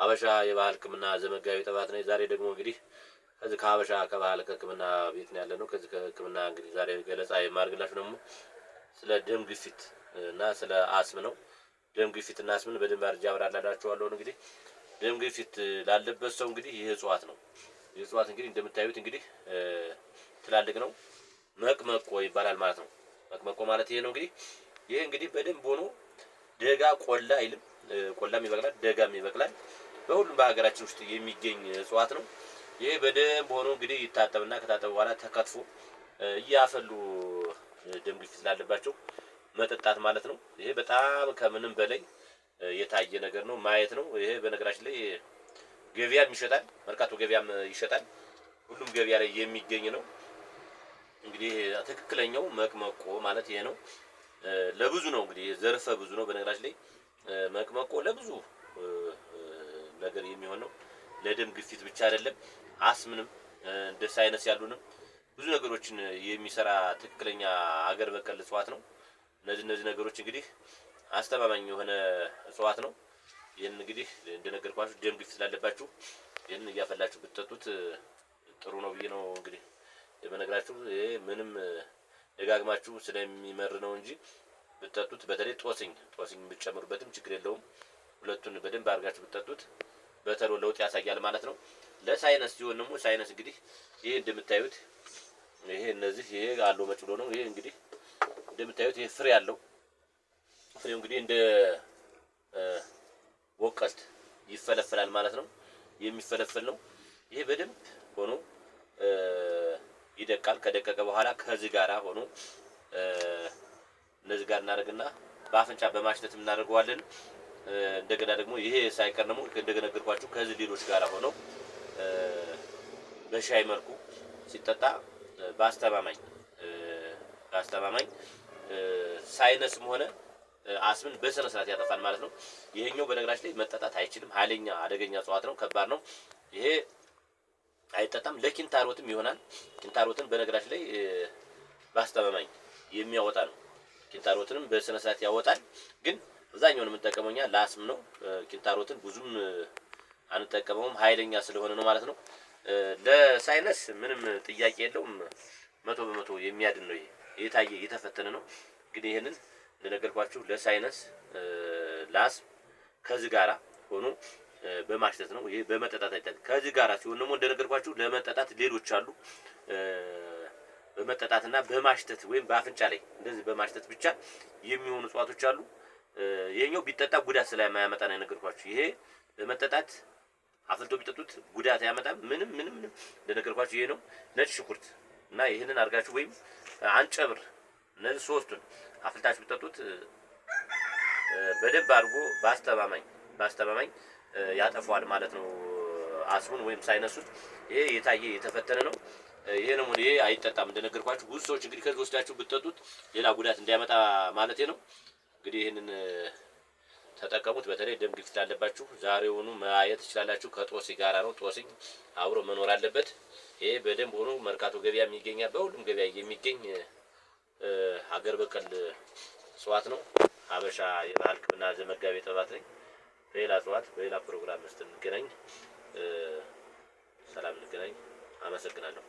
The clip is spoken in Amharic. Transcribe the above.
ሀበሻ የባህል ህክምና ዘመጋቢ ጠባት ነው። ዛሬ ደግሞ እንግዲህ ከዚህ ከሀበሻ ከባህል ህክምና ቤት ነው ያለ ነው። ከዚህ ከህክምና እንግዲህ ዛሬ ገለጻ የማድረግላችሁ ደግሞ ስለ ደም ግፊት እና ስለ አስም ነው። ደም ግፊት እና አስምን በደንብ አድርጌ አብራራላችኋለሁ። እንግዲህ ደም ግፊት ላለበት ሰው እንግዲህ ይህ እጽዋት ነው። ይህ እጽዋት እንግዲህ እንደምታዩት እንግዲህ ትላልቅ ነው። መቅመቆ ይባላል ማለት ነው። መቅመቆ ማለት ይሄ ነው እንግዲህ ይህ እንግዲህ በደንብ ሆኖ ደጋ ቆላ አይልም። ቆላም ይበቅላል፣ ደጋም ይበቅላል። በሁሉም በሀገራችን ውስጥ የሚገኝ እጽዋት ነው። ይሄ በደንብ ሆኖ እንግዲህ ይታጠብና ከታጠብ በኋላ ተከትፎ እያፈሉ ደም ግፊት ላለባቸው መጠጣት ማለት ነው። ይሄ በጣም ከምንም በላይ የታየ ነገር ነው፣ ማየት ነው። ይሄ በነገራችን ላይ ገበያም ይሸጣል፣ መርካቶ ገበያም ይሸጣል። ሁሉም ገበያ ላይ የሚገኝ ነው። እንግዲህ ትክክለኛው መቅመቆ ማለት ይሄ ነው። ለብዙ ነው እንግዲህ ዘርፈ ብዙ ነው። በነገራችን ላይ መቅመቆ ለብዙ ነገር የሚሆነው ለደም ግፊት ብቻ አይደለም፣ አስምንም እንደ ሳይነስ ያሉንም ብዙ ነገሮችን የሚሰራ ትክክለኛ አገር በቀል እጽዋት ነው። እነዚህ እነዚህ ነገሮች እንግዲህ አስተማማኝ የሆነ እጽዋት ነው። ይህን እንግዲህ እንደነገርኳችሁ ደም ግፊት ስላለባችሁ ይህን እያፈላችሁ ብትጠጡት ጥሩ ነው ብዬ ነው እንግዲህ የምነግራችሁ። ይሄ ምንም ደጋግማችሁ ስለሚመር ነው እንጂ ብትጠጡት፣ በተለይ ጦስኝ ጦስኝ ብትጨምሩበትም ችግር የለውም። ሁለቱን በደንብ አድርጋችሁ ብትጠጡት በተሎ ለውጥ ያሳያል ማለት ነው። ለሳይነስ ሲሆን ደግሞ ሳይነስ እንግዲህ ይሄ እንደምታዩት ይሄ እነዚህ ይሄ አለው መጭ ነው። ይሄ እንግዲህ እንደምታዩት ይሄ ፍሬ ያለው ፍሬው እንግዲህ እንደ ወቀት ይፈለፈላል ማለት ነው። የሚፈለፈል ነው። ይሄ በደንብ ሆኖ ይደቃል። ከደቀቀ በኋላ ከዚህ ጋራ ሆኖ እነዚህ ጋር እናደርግና በአፍንጫ በማሽተት እናደርገዋለን። እንደገና ደግሞ ይሄ ሳይቀር ደግሞ እንደነገርኳችሁ ከዚህ ሌሎች ጋር ሆነው በሻይ መልኩ ሲጠጣ በአስተማማኝ በአስተማማኝ ሳይነስም ሆነ አስምን በስነ ስርዓት ያጠፋል ማለት ነው። ይሄኛው በነገራችን ላይ መጠጣት አይችልም። ኃይለኛ አደገኛ እጽዋት ነው። ከባድ ነው። ይሄ አይጠጣም። ለኪንታሮትም ይሆናል። ኪንታሮትን በነገራችን ላይ በአስተማማኝ የሚያወጣ ነው። ኪንታሮትንም በስነ ስርዓት ያወጣል ግን አብዛኛውን የምንጠቀመው እኛ ለአስም ነው። ኪንታሮትን ብዙም አንጠቀመውም፣ ኃይለኛ ስለሆነ ነው ማለት ነው። ለሳይነስ ምንም ጥያቄ የለውም። መቶ በመቶ የሚያድን ነው። የታየ የተፈተነ ነው። ግን ይህንን እንደነገርኳችሁ ለሳይነስ ለአስም ከዚህ ጋራ ሆኖ በማሽተት ነው። ይሄ በመጠጣት አይታል። ከዚህ ጋራ ሲሆን ደግሞ እንደነገርኳችሁ ለመጠጣት ሌሎች አሉ። በመጠጣትና በማሽተት ወይም በአፍንጫ ላይ እንደዚህ በማሽተት ብቻ የሚሆኑ እጽዋቶች አሉ። ይሄኛው ቢጠጣ ጉዳት ስለማያመጣ ነው የነገርኳችሁ። ይሄ በመጠጣት አፍልቶ ቢጠጡት ጉዳት አያመጣም። ምንም ምንም ምንም እንደነገርኳችሁ ይሄ ነው ነጭ ሽንኩርት እና ይህንን አድርጋችሁ ወይም አንጨብር እነዚህ ሶስቱን አፍልታችሁ ቢጠጡት በደንብ አድርጎ በአስተማማኝ በአስተማማኝ ያጠፋዋል ማለት ነው አስሙን ወይም ሳይነሱት። ይሄ የታየ የተፈተነ ነው። ይሄ ነው ይሄ አይጠጣም እንደነገርኳችሁ። ብዙ ሰዎች እንግዲህ ከዚህ ወስዳችሁ ብትጠጡት ሌላ ጉዳት እንዳያመጣ ማለት ነው። እንግዲህ ይህንን ተጠቀሙት። በተለይ ደም ግፊት ላለባችሁ ዛሬውኑ ማየት ትችላላችሁ። ከጦሲ ጋራ ነው። ጦሲኝ አብሮ መኖር አለበት። ይሄ በደንብ ሆኖ መርካቶ ገበያ የሚገኛ በሁሉም ገበያ የሚገኝ ሀገር በቀል እጽዋት ነው። ሀበሻ የባህል ሕክምና ዘመጋቤ ጠባት ነኝ። በሌላ እጽዋት በሌላ ፕሮግራም ውስጥ እንገናኝ። ሰላም እንገናኝ። አመሰግናለሁ።